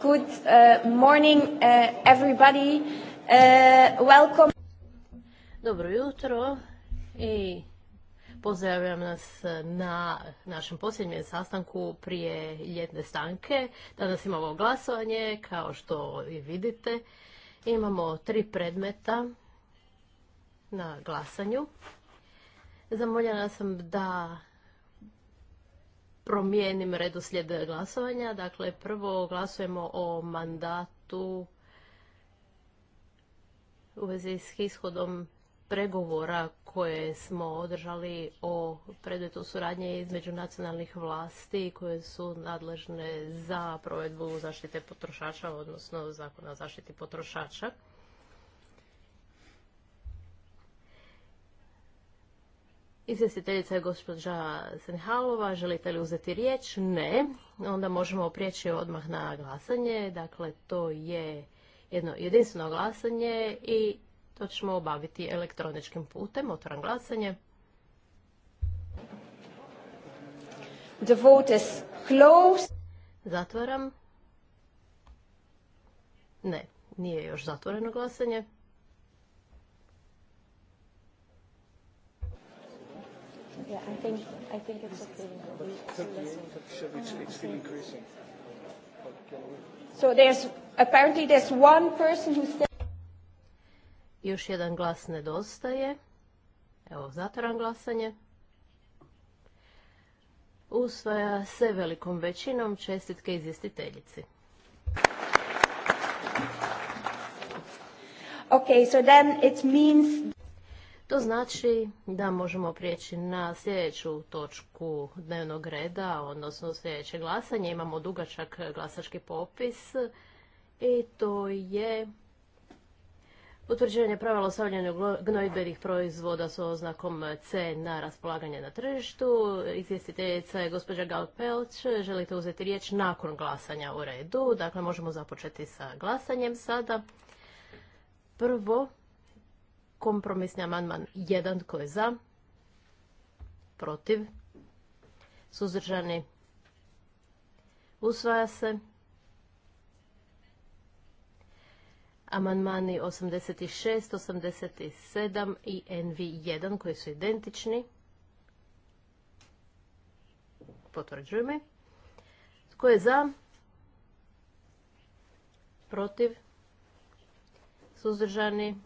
Good uh, morning uh, everybody. Uh, welcome. Dobro jutro i pozdravljam nas na našem posljednjem sastanku prije ljetne stanke. Danas imamo glasovanje, kao što i vidite. Imamo tri predmeta na glasanju. Zamoljena sam da promijenim redoslijed glasovanja. Dakle, prvo glasujemo o mandatu u vezi s ishodom pregovora koje smo održali o predmetu suradnje između nacionalnih vlasti koje su nadležne za provedbu zaštite potrošača, odnosno zakona o zaštiti potrošača. Izvjestiteljica je gospođa Senhalova. Želite li uzeti riječ? Ne. Onda možemo prijeći odmah na glasanje. Dakle, to je jedno jedinstveno glasanje i to ćemo obaviti elektroničkim putem. Otvoram glasanje. The vote is closed. Zatvaram. Ne, nije još zatvoreno glasanje. Yeah, I think I think it's okay. so there's apparently there's one person who still... Još jedan glas nedostaje. Evo, zatvaram glasanje. Usvaja se velikom većinom čestitke izvjestiteljici. Okay, so then it means to znači da možemo prijeći na sljedeću točku dnevnog reda, odnosno sljedeće glasanje. Imamo dugačak glasački popis i to je utvrđivanje pravila ostavljanja gnojbenih proizvoda s oznakom C na raspolaganje na tržištu. Izvjestiteljica je gospođa Gal Pelć. Želite uzeti riječ nakon glasanja u redu. Dakle, možemo započeti sa glasanjem sada. Prvo, Kompromisni amandman 1 tko je za? Protiv? Suzdržani? Usvaja se. Amandmani 86, 87 i NV1 koji su identični. potvrđujem mi. Tko je za? Protiv? Suzdržani?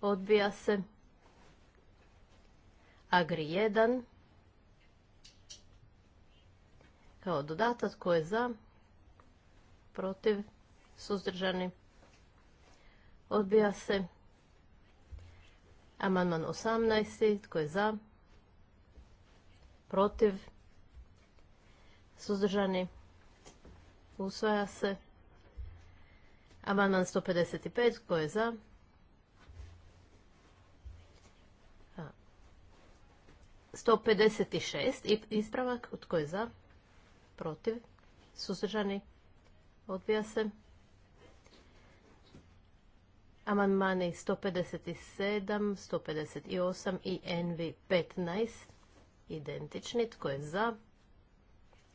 odbija se. Agri 1, kao dodatak, tko je za, protiv, suzdržani, odbija se. Amandman 18, tko je za, protiv, suzdržani, usvaja se. Amandman 155, tko je za, 156. Ispravak. Tko je za? Protiv. Suzdržani. Odbija se. Amandmani 157, 158 i NV 15. Identični. Tko je za?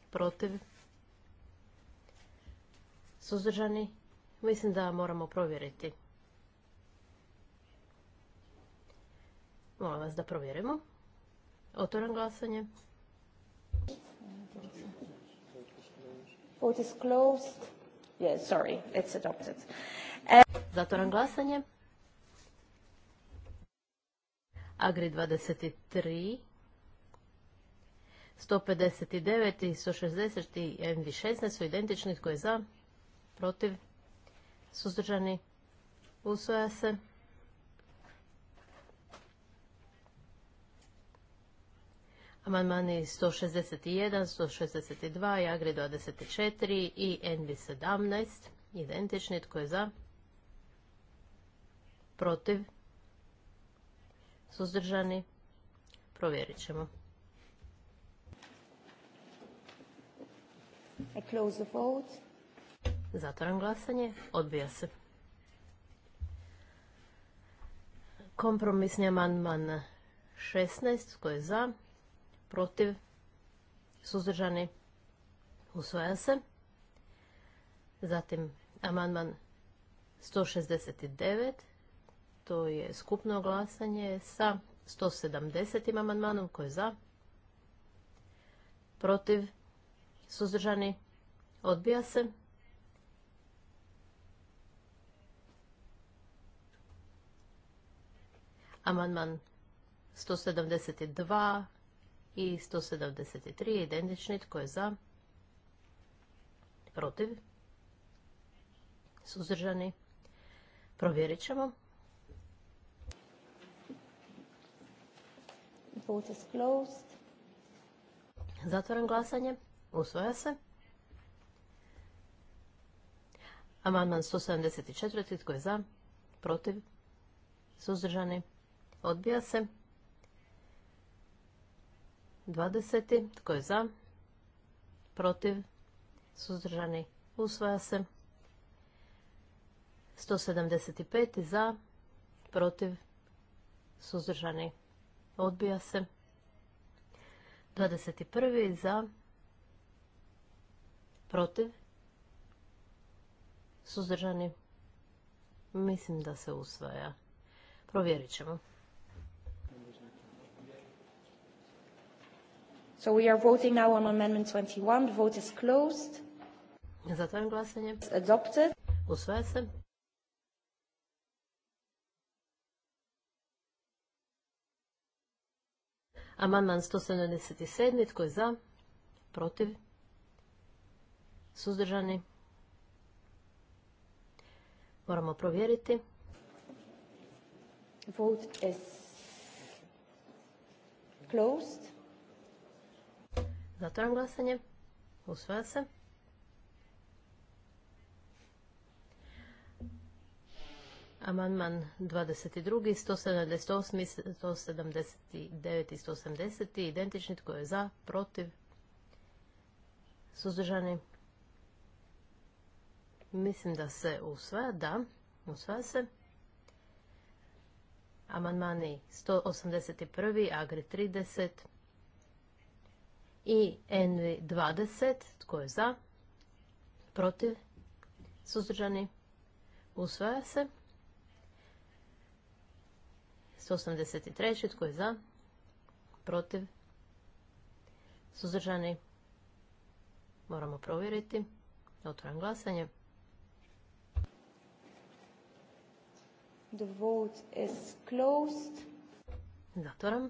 Protiv. Suzdržani. Mislim da moramo provjeriti. Molim vas da provjerimo. Otvoram glasanje. Vote is closed. Yes, sorry, it's adopted. Zatvoram glasanje. Agri 23, 159 i 160 i MV16 su identični. Tko je za? Protiv? Suzdržani? Usvoja se. Amandmani 161, 162, Jagri 24 i Envi 17. Identični, tko je za? Protiv? Suzdržani? Provjerit ćemo. I close the vote. Zatvoram glasanje. Odbija se. Kompromisni amandman 16. Tko je za? protiv, suzdržani, usvaja se. Zatim amandman 169, to je skupno glasanje sa 170. amandmanom koji je za, protiv, suzdržani, odbija se. Amandman 172 i 173 identični tko je za protiv suzdržani provjerit ćemo zatvoren glasanje. usvoja se. Amandman 174. Tko je za? Protiv? Suzdržani? Odbija se. 20. Tko je za? Protiv? Suzdržani? Usvaja se. 175. Za? Protiv? Suzdržani? Odbija se. 21. Za? Protiv? Suzdržani? Mislim da se usvaja. Provjerit ćemo. So we are voting now on amendment 21. The vote is closed. Zatvaram glasanje. Adopted. Usvaja se. Amandman 177. Tko je za? Protiv? Suzdržani? Moramo provjeriti. Vote is closed. Zatvoram glasanje. Usvaja se. Amandman 22, 178, 179 i 180. Identični tko je za, protiv, suzdržani. Mislim da se usvaja, da, usvaja se. Amandmani 181, Agri 30, i NV20. Tko je za? Protiv? Suzdržani? Usvaja se. 183. Tko je za? Protiv? Suzdržani? Moramo provjeriti. Otvoram glasanje. The vote is closed. Zatvoram.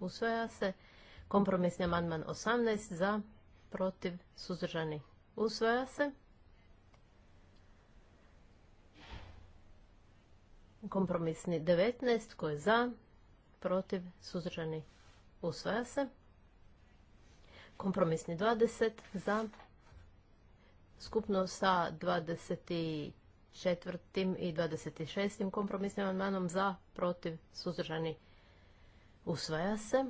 Usvaja se. Kompromisni amandman 18 za, protiv, suzdržani. Usvaja se. Kompromisni 19 koji je za, protiv, suzdržani. Usvaja se. Kompromisni 20 za, skupno sa 24. i 26. kompromisnim amandmanom za, protiv, suzdržani. Usvaja se.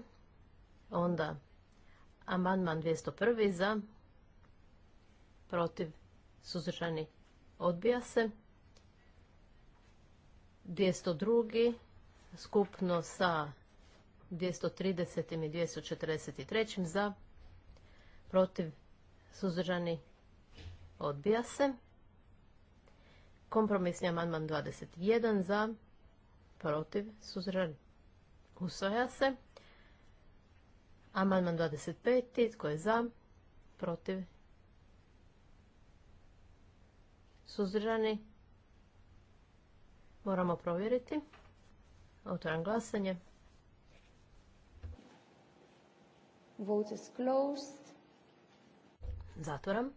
Onda amandman 201. za, protiv, suzdržani, odbija se. 202. skupno sa 230. i 243. za, protiv, suzdržani, odbija se. Kompromisni amandman 21 za, protiv, suzdržani, Usvaja se. Amandman 25. Tko je za? Protiv? Suzdržani? Moramo provjeriti. Otvaram glasanje. Vote is closed. Zatvoram.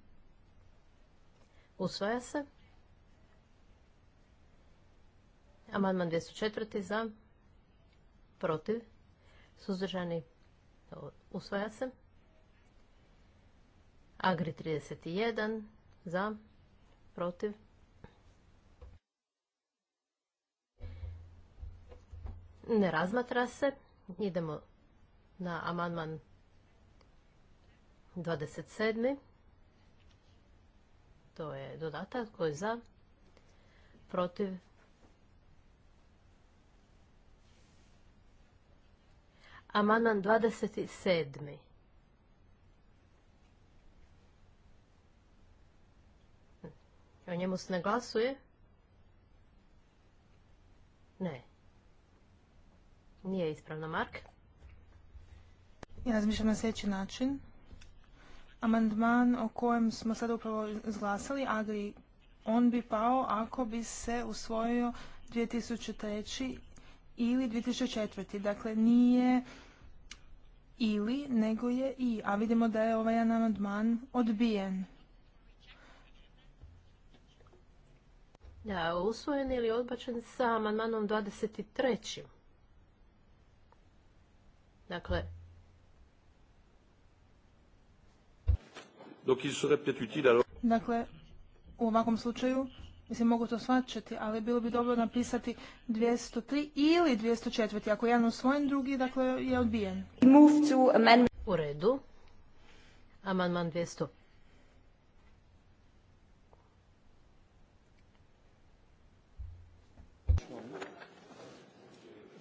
Usvaja se. Amandman 24. za protiv, suzdržani, usvaja se. Agri 31, za, protiv. Ne razmatra se. Idemo na amandman 27. To je dodatak koji je za, protiv, Amandman 27. O njemu se ne glasuje? Ne. Nije ispravna Mark. Ja razmišljam na sljedeći način. Amandman o kojem smo sada upravo izglasali, Agri, on bi pao ako bi se usvojio 2003 ili 2004. Dakle, nije ili, nego je i. A vidimo da je ovaj amandman odbijen. Da, usvojen ili odbačen sa amandmanom 23. Dakle, Dakle, u ovakvom slučaju Mislim, mogu to svačati, ali bilo bi dobro napisati 203 ili 204. Ako jedan usvojen, drugi dakle, je odbijen. U redu. Amandman 200.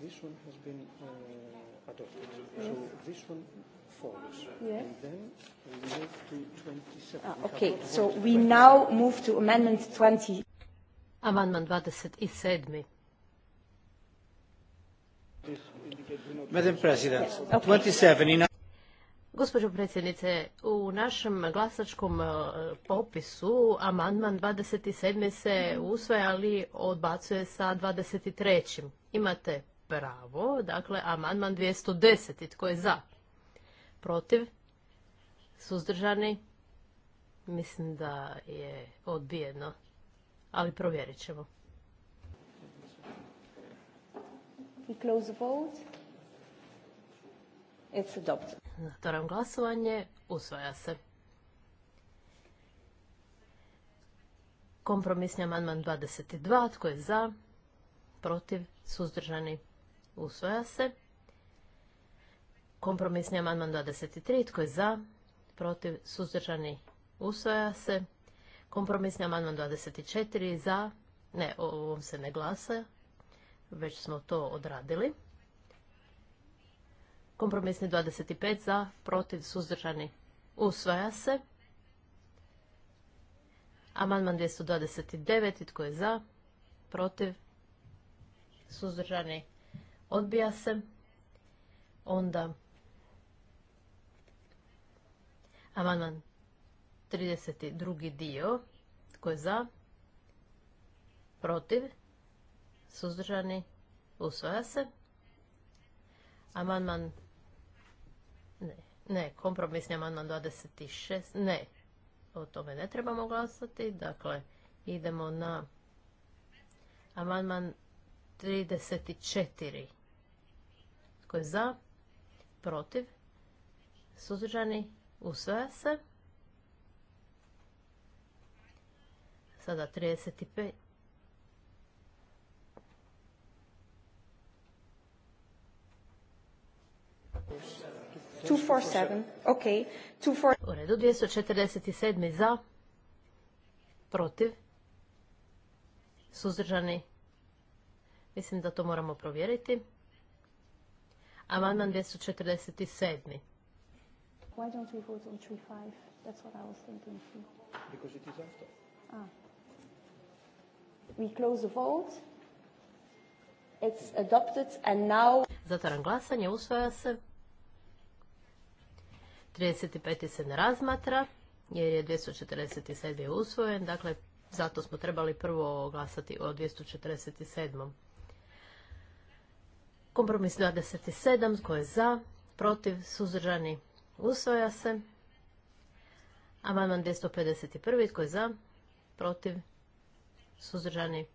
This one has been uh, adopted. Yes. So this Ah, okay, so we now move to amendment 20. Amandman 27. sedam Gospođo predsjednice, u našem glasačkom e, popisu amandman 27. se usvaja, ali odbacuje sa 23. Imate pravo, dakle, amandman 210. Tko je za? Protiv? Suzdržani? Mislim da je odbijeno ali provjerit ćemo. We glasovanje. Usvaja se. Kompromisni amandman 22. Tko je za? Protiv? Suzdržani? Usvaja se. Kompromisni amandman 23. Tko je za? Protiv? Suzdržani? Usvaja se. Kompromisni amandman 24 za, ne, o ovom se ne glasa, već smo to odradili. Kompromisni 25 za, protiv, suzdržani, usvaja se. Amandman 229, tko je za, protiv, suzdržani, odbija se. Onda, amandman 32. dio. Tko je za? Protiv? Suzdržani? Usvaja se. Amandman... Ne, ne, kompromisni amandman 26. Ne, o tome ne trebamo glasati. Dakle, idemo na amandman 34. Tko je za? Protiv? Suzdržani? Usvaja se. sada 35. 247, U redu 247. za, protiv, suzdržani. Mislim da to moramo provjeriti. Amandman 247. Why don't we vote on 35? That's what I was thinking. Because it is after. Ah. We close the vote. It's adopted and now... Zatvaram glasanje, usvaja se. 35. se ne razmatra, jer je 247. usvojen, dakle, zato smo trebali prvo glasati o 247. Kompromis 27, tko je za, protiv, suzdržani, usvoja se. Amandman 251, tko je za, protiv, suzdržani,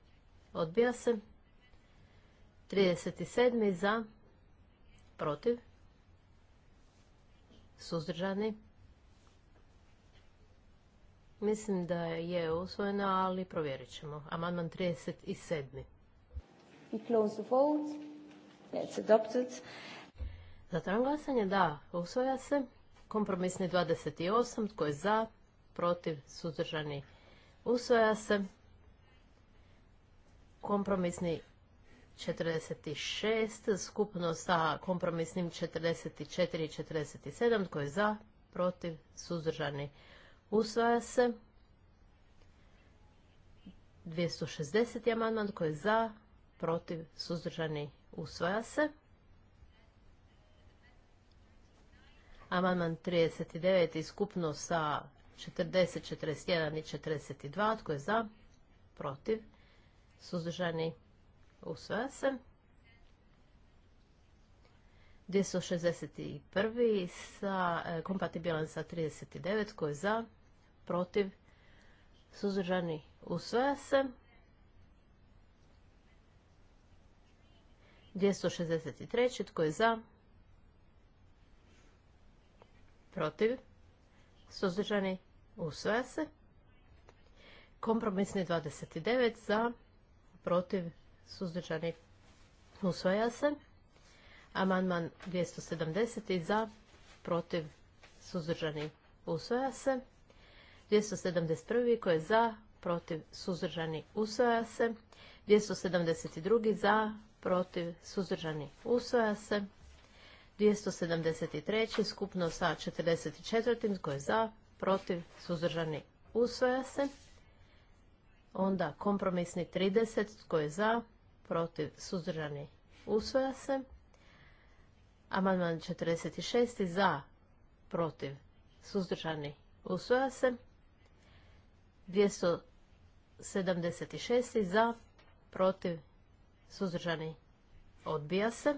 odbija se. 37. za, protiv, suzdržani. Mislim da je usvojena, ali provjerit ćemo. Amandman 37. i close the vote. adopted. glasanje, da, usvoja se. Kompromisni 28, tko je za, protiv, suzdržani, usvoja se kompromisni 46 skupno sa kompromisnim 44 i 47 koji je za, protiv, suzdržani usvaja se. 260. amandman koji je za, protiv, suzdržani usvaja se. Amandman 39 skupno sa 40, 41 i 42 koji je za, protiv, suzdržani, usvaja se. 261. sa e, kompatibilan sa 39 koji je za, protiv, suzdržani, usvaja se. 263. Tko je za? Protiv? Suzdržani? Usvaja se. Kompromisni 29. Za? protiv, suzdržani, usvaja se. Amandman 270. za, protiv, suzdržani, usvaja se. 271. koji je za, protiv, suzdržani, usvaja se. 272. za, protiv, suzdržani, usvaja se. 273. skupno sa 44. koji je za, protiv, suzdržani, usvaja se. Onda kompromisni 30, tko je za, protiv, suzdržani, usvoja se. Amandman 46, za, protiv, suzdržani, usvoja se. 276, za, protiv, suzdržani, odbija se.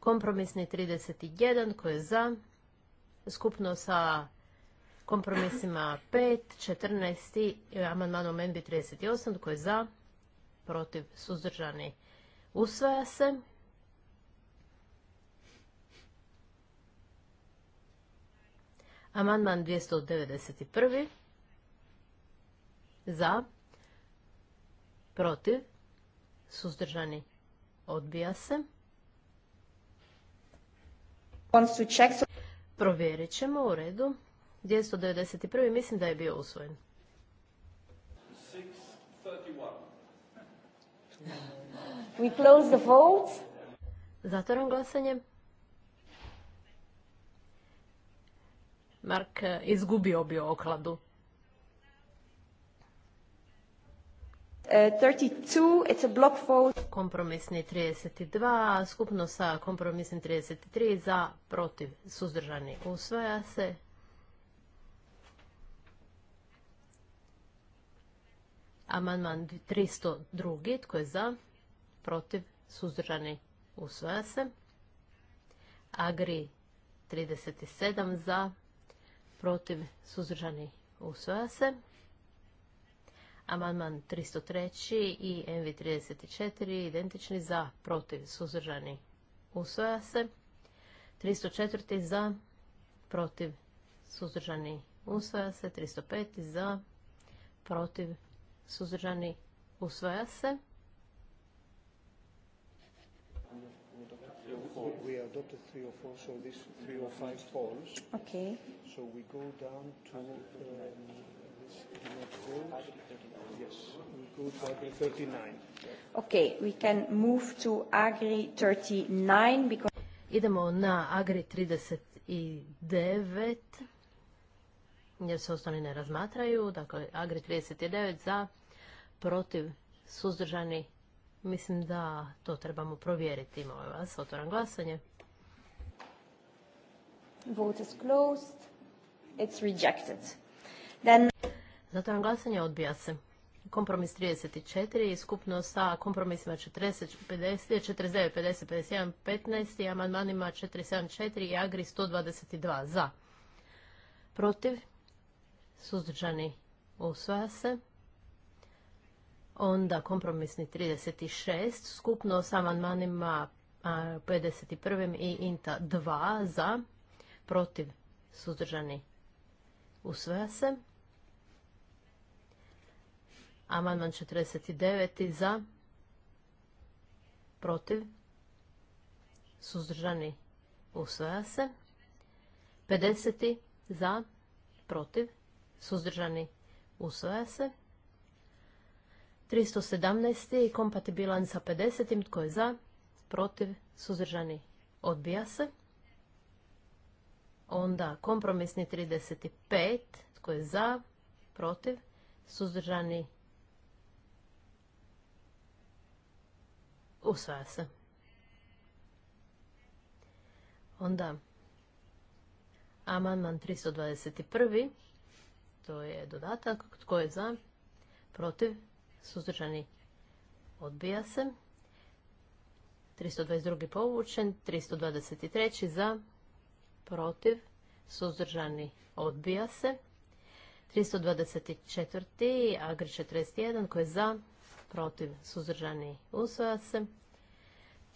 Kompromisni 31, tko je za, skupno sa kompromisima 5, 14, amandmanom trideset 38 tko je za, protiv, suzdržani, usvaja se. Amandman 291. Za, protiv, suzdržani, odbija se. Provjerit ćemo u redu. 291. mislim da je bio usvojen. 631. We close the vote. Zatvoram glasanje. Mark eh, izgubio bio okladu. 32, eh, it's a block vote. Kompromisni 32, skupno sa kompromisnim 33, za, protiv, suzdržani, usvaja se. Amandman 302. Tko je za? Protiv? Suzdržani? Usvaja se. Agri 37. Za? Protiv? Suzdržani? Usvaja se. Amandman 303. i MV 34. Identični za? Protiv? Suzdržani? Usvaja se. 304. Za? Protiv? Suzdržani? Usvaja se. 305. Za? Protiv? suzdržani, usvaja se. we adopted three or four, so this three or five falls. Okay. So we go down to um, this cannot Yes, we go to Agri 39. Okay, we can move to Agri 39 because. Idemo na Agri 39 jer se ostali ne razmatraju. Dakle, Agri 39 za, protiv, suzdržani. Mislim da to trebamo provjeriti. imamo vas, otvoram glasanje. Vote is closed. It's rejected. Then... glasanje, odbija se. Kompromis 34 i skupno sa kompromisima 49, 50, 51, 15 i amandmanima 474 i Agri 122 za. Protiv? suzdržani, usvaja se. Onda kompromisni 36, skupno s amandmanima 51. i INTA 2 za, protiv, suzdržani, usvaja se. Amandman 49. za, protiv, suzdržani, usvaja se. 50. za, protiv, suzdržani, usvaja se. 317. kompatibilan sa 50. Tko je za? Protiv? Suzdržani? Odbija se. Onda kompromisni 35. Tko je za? Protiv? Suzdržani? Usvaja se. Onda amandman 321. To je dodatak. Tko je za? Protiv? Suzdržani? Odbija se. 322. povučen. 323. za? Protiv? Suzdržani? Odbija se. 324. Agri 41. Tko je za? Protiv? Suzdržani? Usvaja se.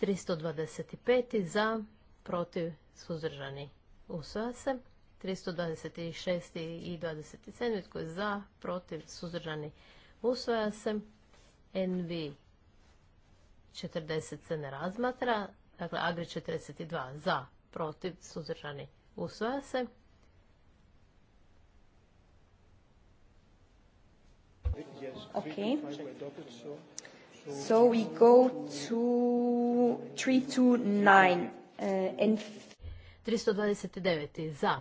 325. za? Protiv? Suzdržani? Usvaja se. 326. i 27. tko je za, protiv, suzdržani, usvaja se. NV 40 se ne razmatra. Dakle, Agri 42 za, protiv, suzdržani, usvaja se. Ok. So we go to 329 uh, 329 za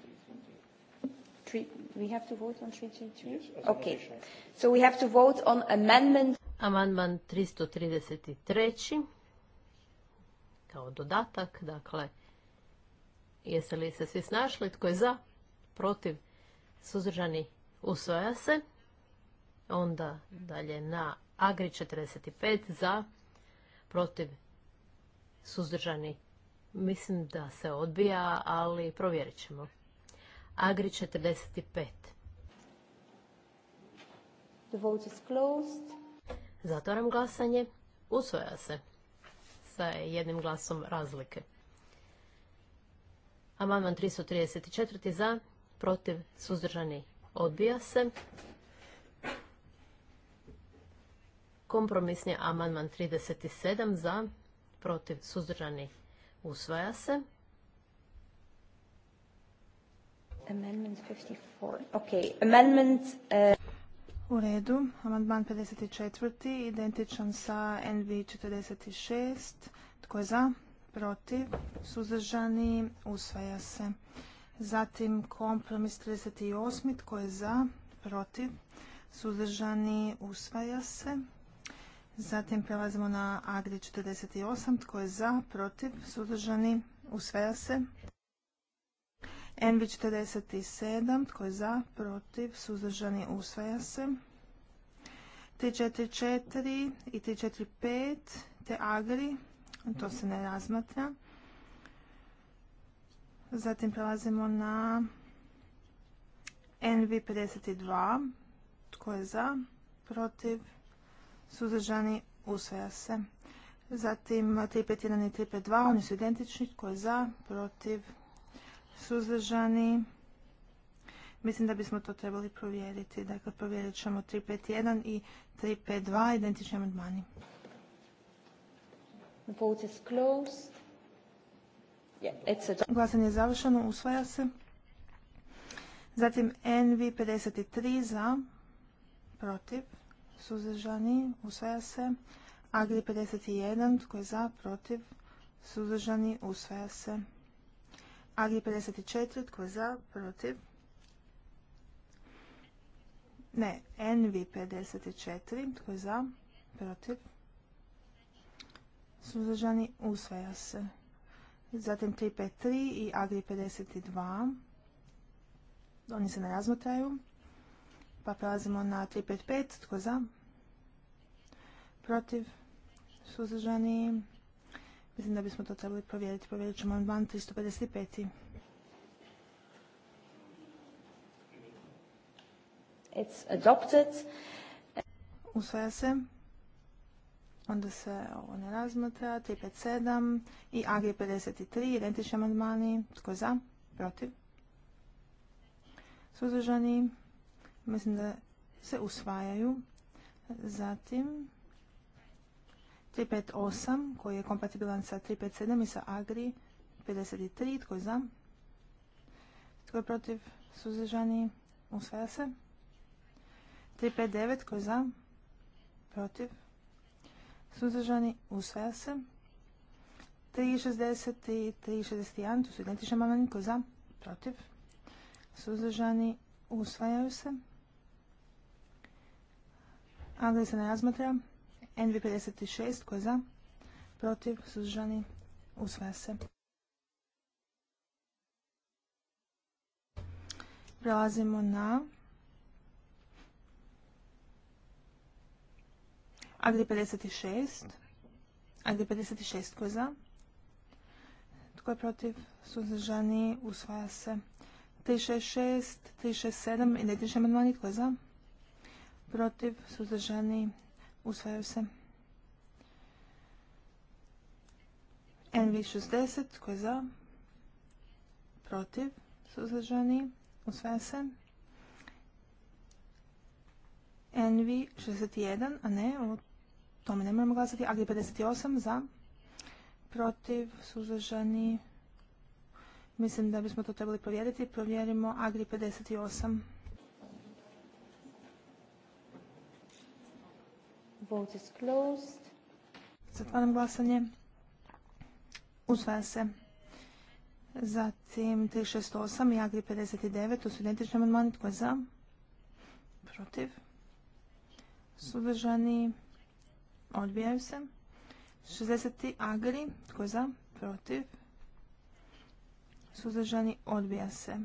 Three, we have to vote on okay. So we have to 333. Kao dodatak, dakle, jeste li se svi snašli? Tko je za? Protiv? Suzdržani? Usvaja se. Onda dalje na Agri 45 za, protiv, suzdržani. Mislim da se odbija, ali provjerit ćemo. Agri 45. The vote is closed. Zatvaram glasanje. Usvoja se sa jednim glasom razlike. Amandman 334. za, protiv, suzdržani, odbija se. Kompromisni amandman 37 za, protiv, suzdržani, usvaja se. Amendment 54. Amendment, uh, U redu. Amandman 54. Identičan sa NV 46. Tko je za? Protiv? Suzdržani? Usvaja se. Zatim kompromis 38. Tko je za? Protiv? Suzdržani? Usvaja se. Zatim prelazimo na Agri 48. Tko je za? Protiv? Suzdržani? Usvaja se nb 47, tko je za, protiv, suzdržani, usvaja se. T44 i T45, te agri, to se ne razmatra. Zatim prelazimo na nb 52, tko je za, protiv, suzdržani, usvaja se. Zatim T51 i 352, oni su identični, tko je za, protiv, suzdržani. Mislim da bismo to trebali provjeriti. Dakle, provjerit ćemo 351 i 352 identični amandmani. Glasanje je završeno, usvaja se. Zatim NV 53 za, protiv, suzdržani, usvaja se. Agri 51, tko je za, protiv, suzdržani, usvaja se. Agri 54, tko je za, protiv? Ne, Envi 54, tko je za, protiv? Suzdržani usvaja se. Zatim 353 i Agri 52. Oni se ne razmotraju. Pa prelazimo na 355, tko je za? Protiv? Suzdržani Mislim da bismo to trebali provjeriti. Provjerit ćemo amandman 355. Usvaja se. Onda se ovo ne razmatra. 357 i ag 53. Identični amandmani. Tko je za? Protiv? Suzdržani? Mislim da se usvajaju. Zatim 358 koji je kompatibilan sa 357 i sa Agri 53. Tko je za? Tko je protiv? Suzdržani? Usvaja se. 359. Tko je za? Protiv? Suzdržani? Usvaja se. 360 i 361. Tu su identični amandmani. Tko je za? Protiv? Suzdržani? Usvajaju se. Agri se ne razmatra. NV56 tko je za? Protiv? Suzdržani? Usvaja se. Prelazimo na Agri 56. Agri 56 tko je za? Tko je protiv? Suzdržani? Usvaja se. 366, 367, identični amandmani, tko je za? Protiv, suzdržani, Usvajaju se. NV60, tko je za? Protiv? Suzdržani? Usvaja se. NV61, a ne, o tome ne moramo glasati. Agri 58, za? Protiv? Suzdržani? Mislim da bismo to trebali provjeriti. Provjerimo Agri 58. Vote is closed. Zatvaram glasanje. Usvaja se. Zatim 368 i Agri 59. To su identični amandmani. Tko je za? Protiv. Sudržani. Odbijaju se. 60. Agri. Tko je za? Protiv. Sudržani odbija se.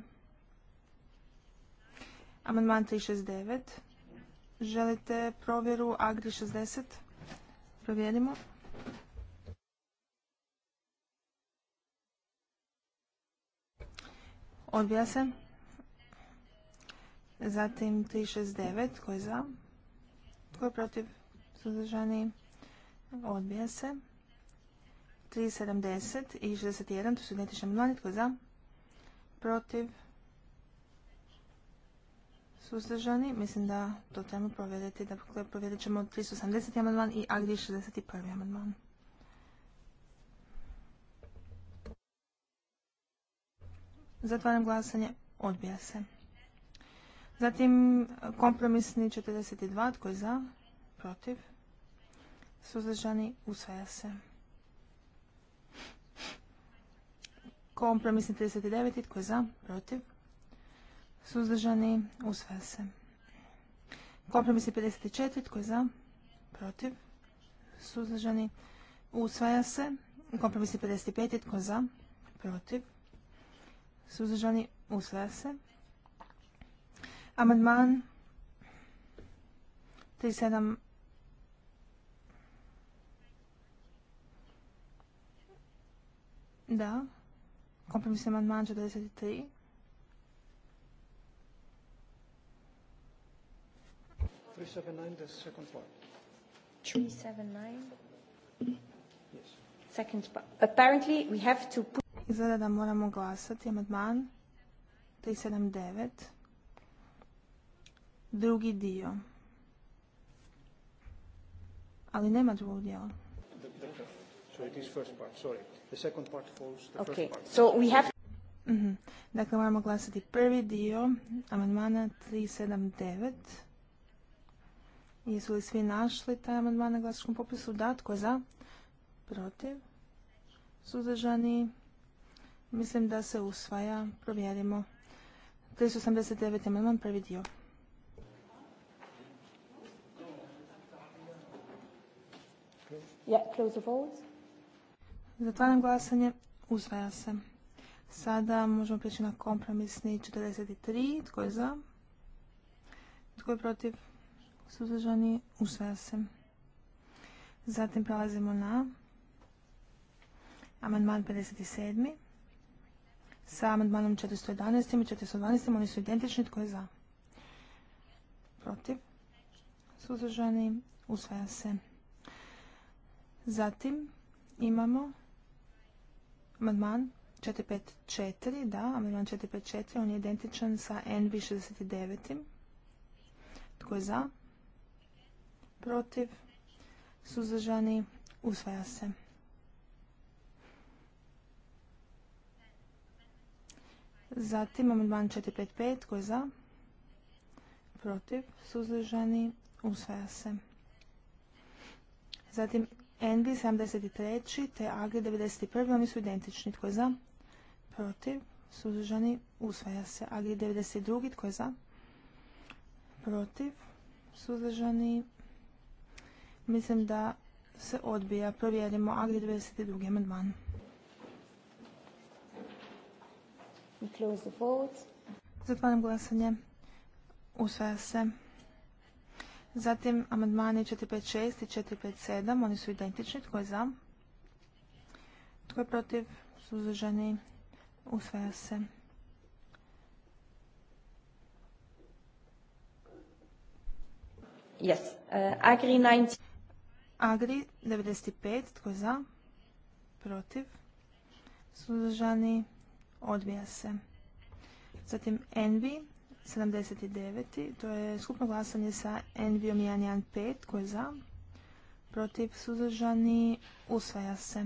Amandman 369. Želite provjeru Agri 60? Provjerimo. Odbija se. Zatim 369. koji je za? Koji je protiv? Suzdržani? Odbija se. 370 i 61. To su identični amandmani. koji je za? Protiv? Protiv? suzdržani. Mislim da to trebamo provjeriti. Dakle, provjerit ćemo 380. amandman i Agri 61. amandman. Zatvaram glasanje. Odbija se. Zatim kompromisni 42. Tko je za? Protiv. Suzdržani. Usvaja se. Kompromisni 39. Tko je za? Protiv suzdržani, usvaja se. je 54, tko je za, protiv, suzdržani, usvaja se. je 55, tko je za, protiv, suzdržani, usvaja se. Amandman 37 Da. je amandman 43. 379, the second part. 379? Yes. Second part. Apparently we have to put... Izgleda da moramo glasati amandman 379. Drugi dio. Ali nema drugog dijela. So it is first part, sorry. The second part falls the okay. first part. Okay, So we have Mm -hmm. Dakle, moramo glasati prvi dio amandmana 379. Jesu li svi našli taj amandman na glasačkom popisu? Da, tko je za? Protiv? Suzdržani? Mislim da se usvaja. Provjerimo. 389. amandman, prvi dio. Zatvaram glasanje. Usvaja se. Sada možemo prijeći na kompromisni 43. Tko je za? Tko je protiv? suzdržani, usvaja se. Zatim prelazimo na amandman 57. sa amandmanom 411. i 412. Oni su identični. Tko je za? Protiv. Suzdržani. Usvaja se. Zatim imamo amandman 454. Da, amandman 454. On je identičan sa NB69. Tko je za? protiv, suzdržani, usvaja se. Zatim amandman 455 koji je za, protiv, suzdržani, usvaja se. Zatim NB 73 te AG 91, oni su identični. Tko je za? Protiv, suzdržani, usvaja se. AG 92, tko je za? Protiv, suzdržani, Mislim da se odbija. Provjerimo Agri 22. amandman. Zatvaram glasanje. Usvaja se. Zatim amandmani 456 i 457. Oni su identični. Tko je za? Tko je protiv? Suzdržani. Usvaja se. Yes. Uh, agri Agri 95, tko je za? Protiv. Suzdržani. Odbija se. Zatim Envi 79. To je skupno glasanje sa Envijom 115. Tko je za? Protiv. Suzdržani. Usvaja se.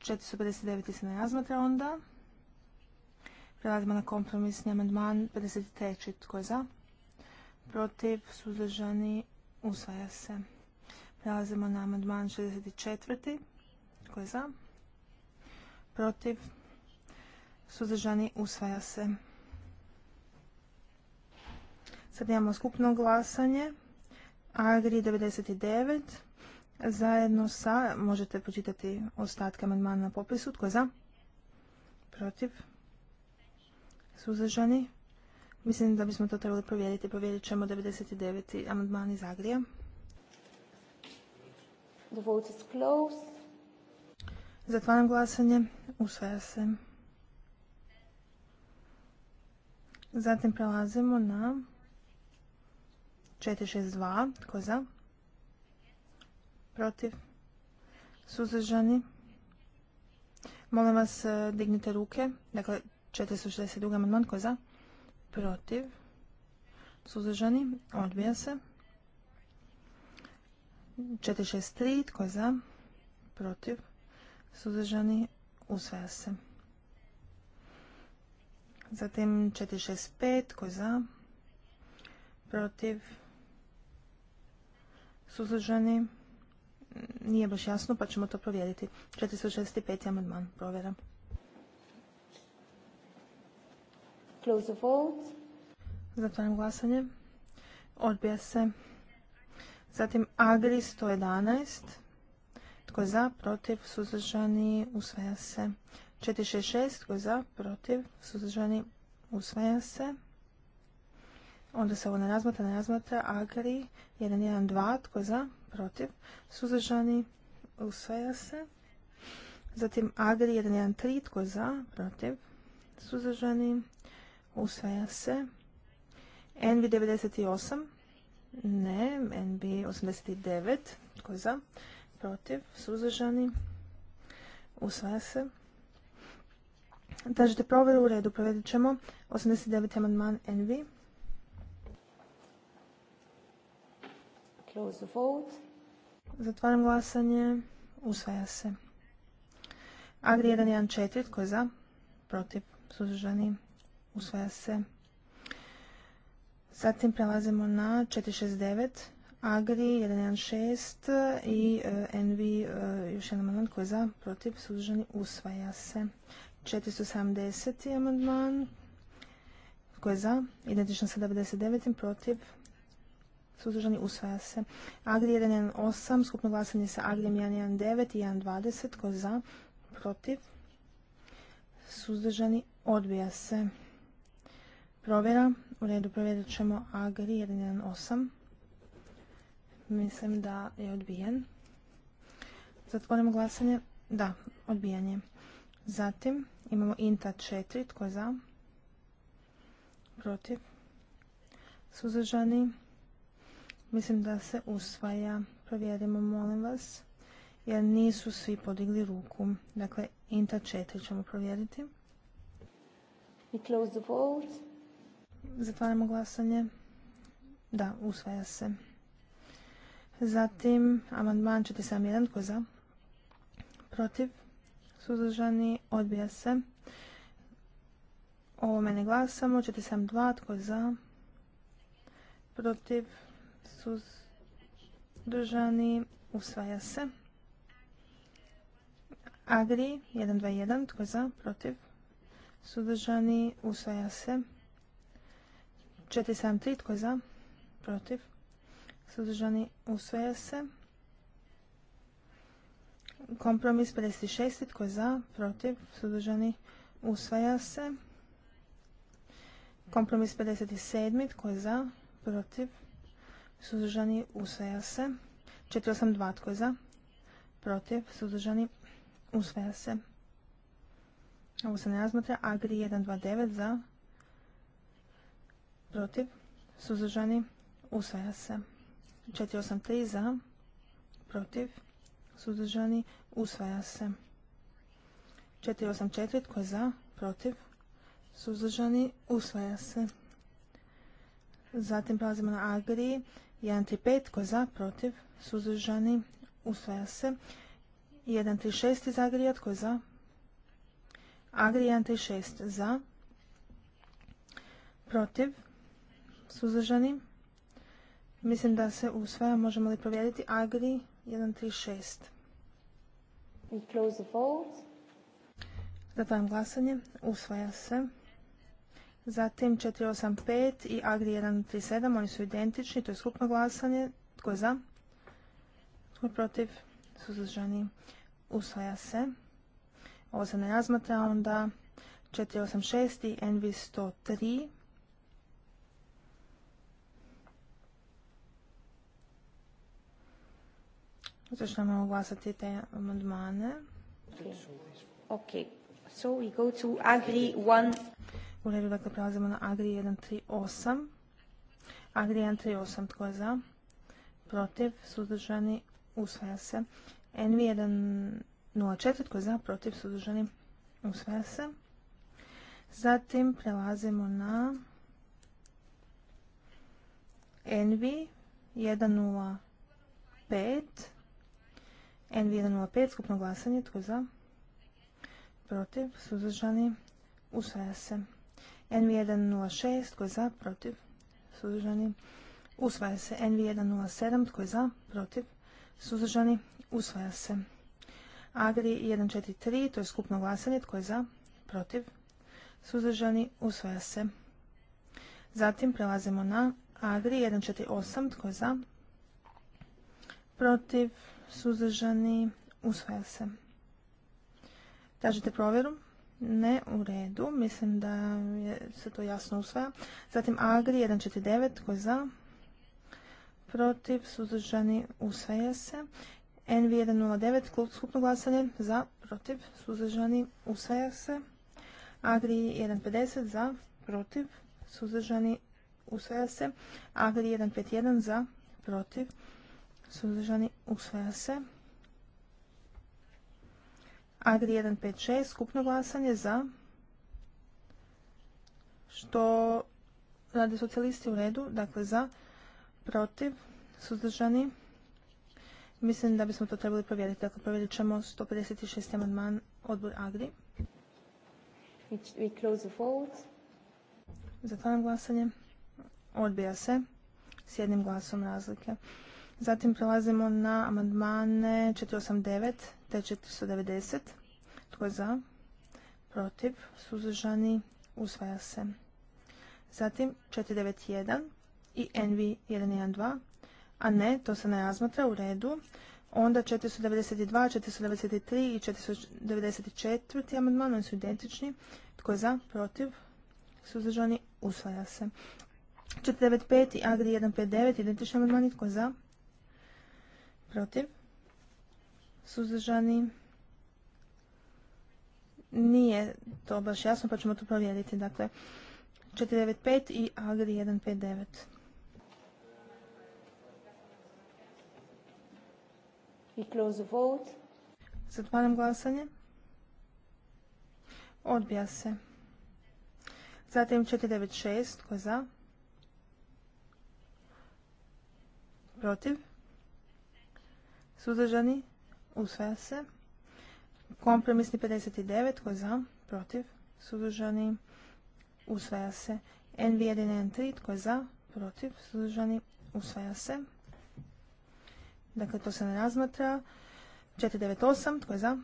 459. se ne razmatra onda. Prelazimo na kompromisni amandman 53. Tko je za? Protiv. Suzdržani. Usvaja se. Prelazimo na amandman 64. Tko je za? Protiv? Suzdržani? Usvaja se. Sad imamo skupno glasanje. Agri 99. Zajedno sa, možete počitati ostatke amandmana na popisu. Tko je za? Protiv? Suzdržani? Mislim da bismo to trebali provjeriti. Provjerit ćemo 99. amandman iz Agrija. The vote is closed. Zatvaram glasanje. Usvaja se. Zatim prelazimo na 462. Tko za? Protiv? Suzdržani? Molim vas, eh, dignite ruke. Dakle, 462. amandman. Tko za? protiv, suzdržani, odbija se. 463, tko je za, protiv, suzdržani, usvaja se. Zatim 465, tko je za, protiv, suzdržani, nije baš jasno pa ćemo to provjeriti. 465. amandman provjeram. Close the vote. Zatvaram glasanje. Odbija se. Zatim Agri 111. Tko je za, protiv, suzdržani, usvaja se. 466. Tko je za, protiv, suzdržani, usvaja se. Onda se ovo ne razmata, ne razmata. Agri 112. Tko je za, protiv, suzdržani, usvaja se. Zatim Agri 113. Tko je za, protiv, suzdržani, usvaja se. NB 98, ne, NB 89, tko je za, protiv, suzdržani, usvaja se. Tražite provjeru u redu, Provedit ćemo 89. amandman NB. Close vote. Zatvaram glasanje. Usvaja se. Agri 114, tko je za? Protiv, suzdržani, usvaja se. Zatim prelazimo na 469, Agri 116 i e, NV e, još jedan amandman koji je za, protiv, suzdržani, usvaja se. 470. amandman koji je za, identično sa 99. protiv, suzdržani, usvaja se. Agri 118, skupno glasanje sa Agrijem 119 i 120 koji je za, protiv, suzdržani, odbija se. Provjera. U redu provjerit ćemo Agri 118. Mislim da je odbijen. Zatvorimo glasanje. Da, odbijanje. Zatim imamo INTA 4. Tko je za? Protiv. Suzdržani. Mislim da se usvaja. Provjerimo, molim vas. Jer nisu svi podigli ruku. Dakle, INTA 4 ćemo provjeriti. We close the vote. Zatvaramo glasanje. Da, usvaja se. Zatim, amandman 471, ko je za? Protiv? Suzdržani? Odbija se. Ovo mene glasamo. 472, tko je za? Protiv? Suzdržani? Usvaja se. Agri, 121, tko je za? Protiv? Sudržani, Usvaja se. 473 tko je za? Protiv. Suzdržani usvaja se. Kompromis 56 tko je za? Protiv. Suzdržani usvaja se. Kompromis 57 tko je za? Protiv. Suzdržani usvaja se. 482 tko je za? Protiv. Suzdržani usvaja se. Ovo se ne razmatra. Agri 129 za? protiv, suzdržani, usvaja se. 483 za, protiv, suzdržani, usvaja se. 484 tko je za, protiv, suzdržani, usvaja se. Zatim prelazimo na Agri, 135 tko je za, protiv, suzdržani, usvaja se. 136 iz Agrija tko je za, Agri 136 za, protiv, Suzdržani? Mislim da se usvaja. Možemo li provjeriti? Agri 136. We close the glasanje. Usvaja se. Zatim 485 i Agri 137. Oni su identični. To je skupno glasanje. Tko je za? Tko je protiv? Suzdržani? Usvaja se. Ovo se ne razmatra. Onda 486 i NV 103. ćemo glasati te amandmane? Okay. So we go to Agri 1. U redu, dakle, prelazimo na Agri 138. Agri 138, tko je za? Protiv, suzdržani, usvaja se. NV 104, tko je za? Protiv, suzdržani, usvaja se. Zatim prelazimo na NV 105. NV105, skupno glasanje, tko je za? Protiv, suzdržani, usvaja se. NV106, tko je za? Protiv, suzdržani, usvaja se. NV107, tko je za? Protiv, suzdržani, usvaja se. Agri 143, to je skupno glasanje, tko je za? Protiv, suzdržani, usvaja se. Zatim prelazimo na Agri 148, tko je za? Protiv, suzdržani, usvaja se. Tražite provjeru? Ne, u redu. Mislim da se to jasno usvaja. Zatim Agri 149, tko je za? Protiv, suzdržani, usvaja se. NV 109, klub skupno glasanje, za, protiv, suzdržani, usvaja se. Agri 150, za, protiv, suzdržani, usvaja se. Agri 151, za, protiv, suzdržani, usvaja se. Agri 156, skupno glasanje za, što rade socijalisti u redu, dakle za, protiv, suzdržani. Mislim da bismo to trebali provjeriti. Dakle, provjerit ćemo 156. amandman odbor Agri. Zatvaram glasanje. Odbija se s jednim glasom razlike. Zatim prelazimo na amandmane 489 te 490. Tko je za? Protiv? suzržani, Usvaja se. Zatim 491 i NV 112. A ne, to se ne razmatra u redu. Onda 492, 493 i 494. amandman, oni su identični. Tko je za? Protiv? suzržani, Usvaja se. 495 i Agri 159, identični amandmani. Tko je za? protiv, suzdržani, nije to baš jasno pa ćemo to provjeriti. Dakle, 495 i Agri 159. i close vote. Zatvaram glasanje. Odbija se. Zatim 496, ko je za? Protiv? suzdržani, usvaja se. Kompromisni 59, tko je za, protiv, suzdržani, usvaja se. NV1 N3, tko je za, protiv, suzdržani, usvaja se. Dakle, to se ne razmatra. 498, tko je za?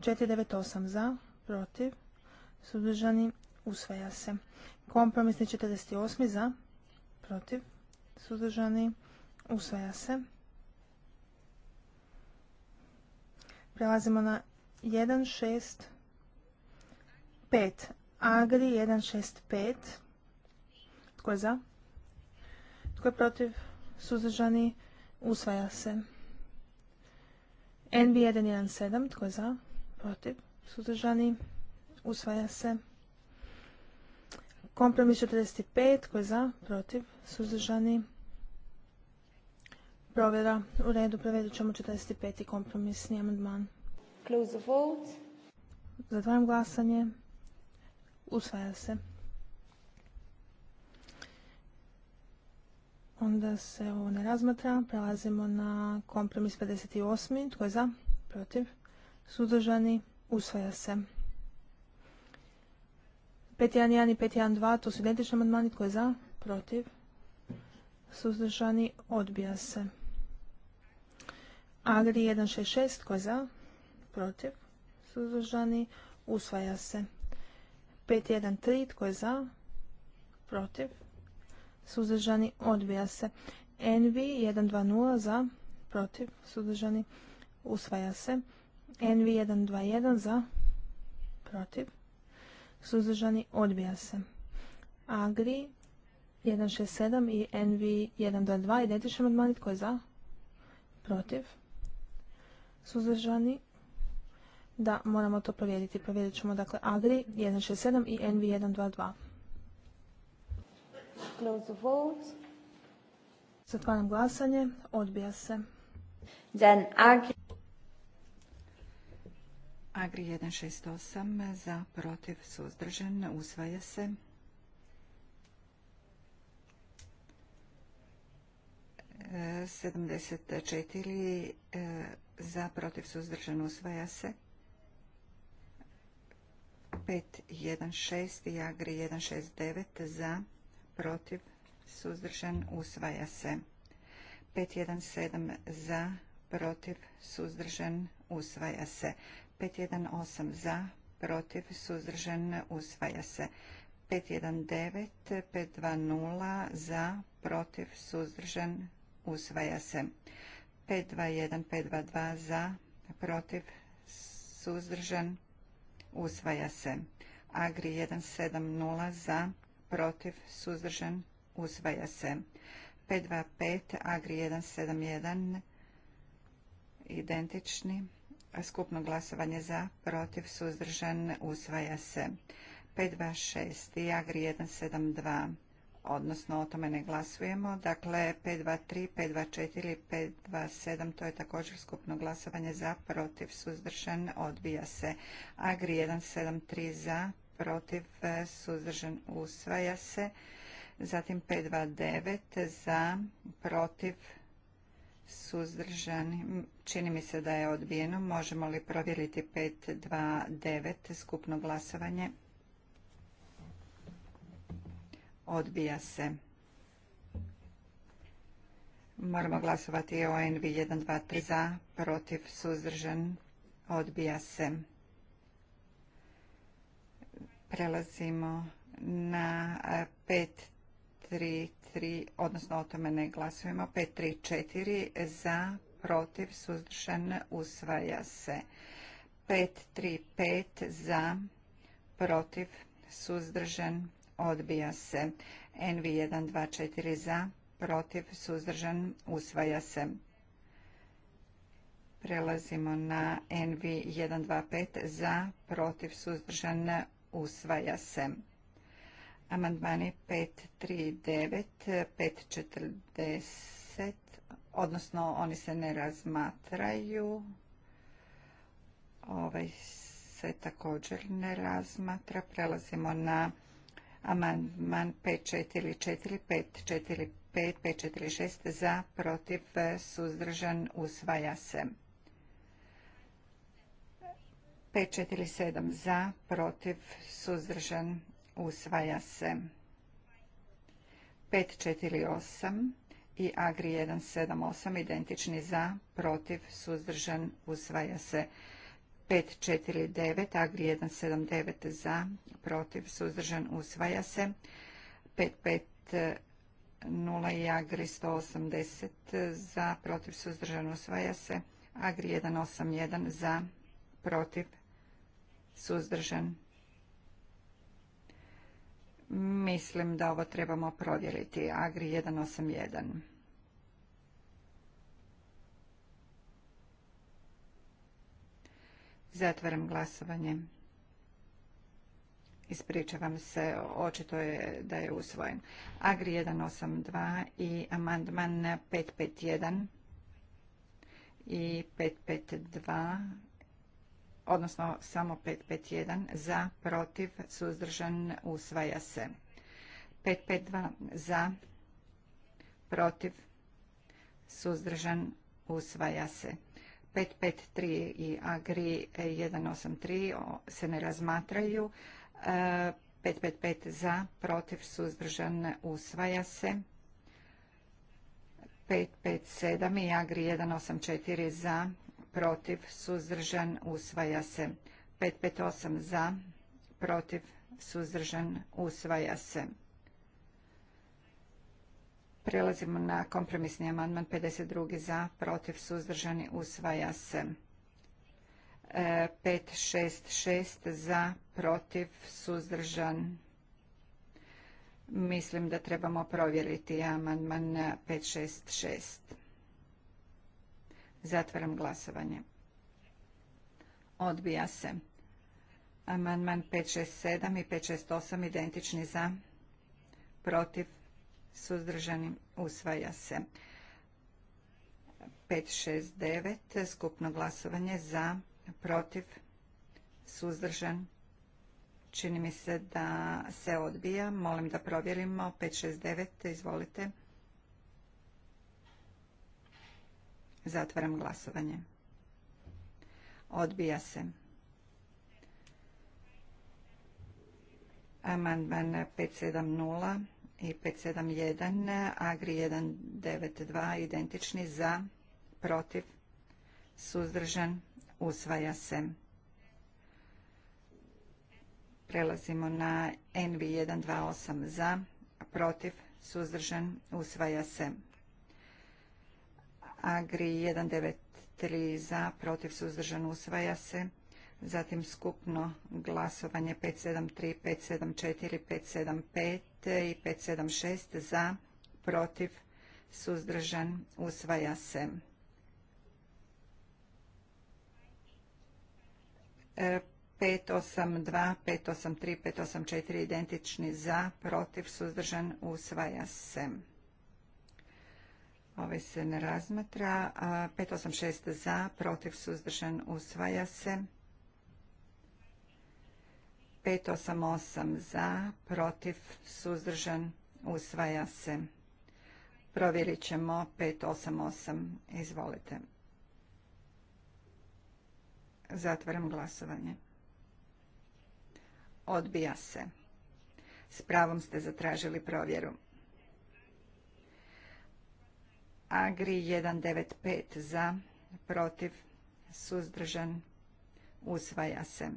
498 za, protiv, suzdržani, usvaja se. Kompromisni 48 za, protiv, suzdržani, usvaja se. Prelazimo na 165. Agri 165. Tko je za? Tko je protiv? Suzdržani? Usvaja se. NB 117. Tko je za? Protiv? Suzdržani? Usvaja se. Kompromis 45. Tko je za? Protiv? Suzdržani? Provjera. U redu, provjerit ćemo 45. kompromisni amandman. Close the vote. Zatvaram glasanje. Usvaja se. Onda se ovo ne razmatra. Prelazimo na kompromis 58. Tko je za? Protiv. Suzdržani. Usvaja se. 511 i 512, to su identični amandmani. Tko je za? Protiv. Suzdržani. Odbija se. Agri 166 koza je za, protiv, suzdržani, usvaja se. 513 tko je za, protiv, suzdržani, odbija se. NV 120 za, protiv, suzdržani, usvaja se. NV 121 za, protiv, suzdržani, odbija se. Agri 167 i NV 122 identični odmanit tko je za, protiv, suzdržani? Da, moramo to provjeriti. Provjerit ćemo dakle Agri 167 i NV 122. Close the vote. Zatvaram glasanje. Odbija se. Then Agri... Agri 168 za protiv suzdržan. Usvaja se. 74 e, za protiv suzdržan usvaja se. 516 i Agri 169 za protiv suzdržan usvaja se. 517 za protiv suzdržan usvaja se. 518 za protiv suzdržan usvaja se. 519 520 za protiv suzdržan usvaja se. 521, 522 za, protiv, suzdržan, usvaja se. Agri 170 za, protiv, suzdržan, usvaja se. 525, Agri 171, identični. Skupno glasovanje za, protiv, suzdržan, usvaja se. 526 i Agri 172 odnosno o tome ne glasujemo. Dakle, 523, 524, 527, to je također skupno glasovanje za, protiv, suzdržan, odbija se. Agri 173 za, protiv, e, suzdržan, usvaja se. Zatim 529 za, protiv, suzdržan, čini mi se da je odbijeno. Možemo li provjeriti 529 skupno glasovanje? odbija se. Moramo glasovati o NV 1, 2, 3 za, protiv, suzdržan, odbija se. Prelazimo na 5, 3, 3, odnosno o tome ne glasujemo, 5, 3, 4 za, protiv, suzdržan, usvaja se. 5, 3, 5 za, protiv, suzdržan, usvaja se odbija se. NV124 za, protiv, suzdržan, usvaja se. Prelazimo na NV125 za, protiv, suzdržan, usvaja se. Amandmani 539, 540, odnosno oni se ne razmatraju. Ovaj se također ne razmatra. Prelazimo na Amandman 544, 545, 546 za, protiv, suzdržan, usvaja se. 547 za, protiv, suzdržan, usvaja se. 548 i Agri 178 identični za, protiv, suzdržan, usvaja se. 549, Agri 179 za, protiv, suzdržan, usvaja se. 550 i Agri 180 za, protiv, suzdržan, usvaja se. Agri 181 za, protiv, suzdržan. Mislim da ovo trebamo provjeriti. Agri 181. Zatvaram glasovanje. Ispričavam se, očito je da je usvojen. Agri 182 i amandman 551 i 552, odnosno samo 551, za, protiv, suzdržan, usvaja se. 552 za, protiv, suzdržan, usvaja se. 553 i Agri 183 e se ne razmatraju. 555 e, za, protiv, suzdržan, usvaja se. 557 i Agri 184 e za, protiv, suzdržan, usvaja se. 558 za, protiv, suzdržan, usvaja se. Prelazimo na kompromisni amandman 52. za, protiv, suzdržani, usvaja se. 566 e, za, protiv, suzdržan. Mislim da trebamo provjeriti amandman 566. Zatvaram glasovanje. Odbija se. Amandman 567 i 568 identični za, protiv, Suzdržanim usvaja se. 569 skupno glasovanje za, protiv, suzdržan. Čini mi se da se odbija. Molim da provjerimo. 569, izvolite. Zatvaram glasovanje. Odbija se. Amandman 570 i 571, Agri 192 identični za, protiv, suzdržan, usvaja se. Prelazimo na NV 128 za, protiv, suzdržan, usvaja se. Agri 193 za, protiv, suzdržan, usvaja se. Zatim skupno glasovanje 573, 574, 575 i 576 za, protiv, suzdržan, usvaja se. 582, 583, 584 identični za, protiv, suzdržan, usvaja se. Ovaj se ne razmatra. 586 za, protiv, suzdržan, usvaja se. 588 za, protiv, suzdržan, usvaja se. Provjerit ćemo 588. Izvolite. Zatvaram glasovanje. Odbija se. S pravom ste zatražili provjeru. Agri 195 za, protiv, suzdržan, usvaja se.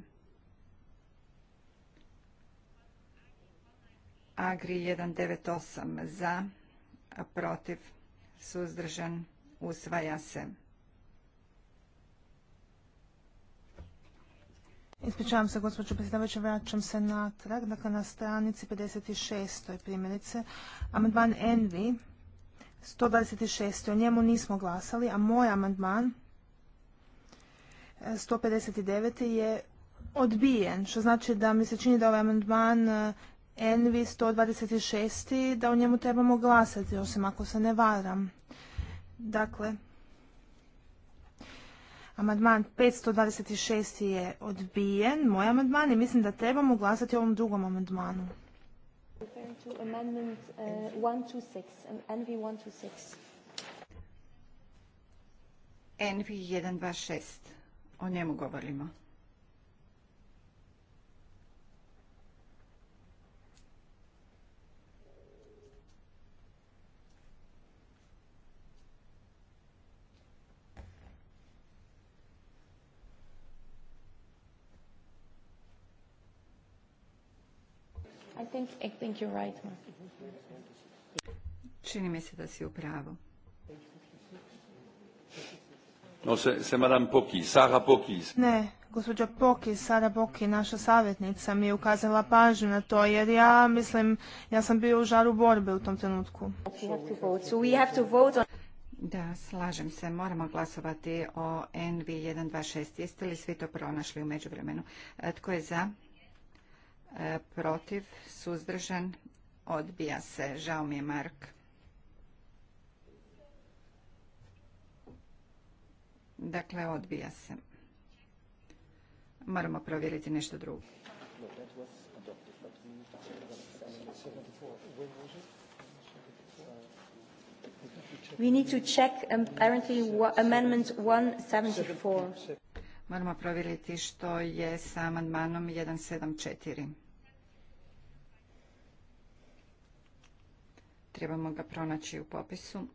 Agri 198 za, protiv, suzdržan, usvaja se. Ispričavam se, gospođo predsjedavajuća, vraćam se natrag, dakle na stranici 56. primjerice. Amandman Envi, 126. O njemu nismo glasali, a moj amandman 159. je odbijen, što znači da mi se čini da ovaj amandman Envi 126. da o njemu trebamo glasati, osim ako se ne varam. Dakle, Amandman 526. je odbijen, moj amandman, i mislim da trebamo glasati o ovom drugom amandmanu. Uh, NV126. O njemu govorimo. think, Čini mi se da si u pravu. No, se, Poki, Ne, gospođa Poki, Sara Poki, naša savjetnica, mi je ukazala pažnju na to, jer ja mislim, ja sam bio u žaru borbe u tom trenutku. Da, slažem se. Moramo glasovati o NV126. Jeste li svi to pronašli u međuvremenu? E, tko je za? E, protiv, suzdržan, odbija se. Žao mi je Mark. Dakle, odbija se. Moramo provjeriti nešto drugo. We need to check um, apparently amendment 174. Moramo provjeriti što je sa amandmanom 174. Trebamo ga pronaći u popisu.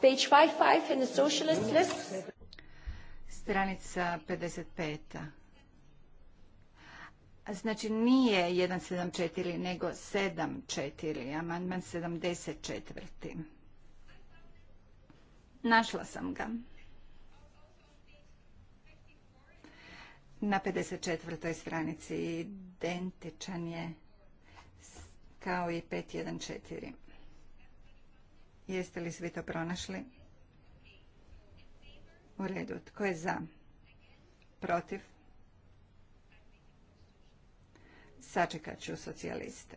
Page 55 in the socialist list. Stranica 55. Znači nije 174 nego 74, amandman 74. Našla sam ga. Na 54. stranici identičan je kao i 514. Jeste li svi to pronašli? U redu. Tko je za? Protiv? sačekat ću socijaliste.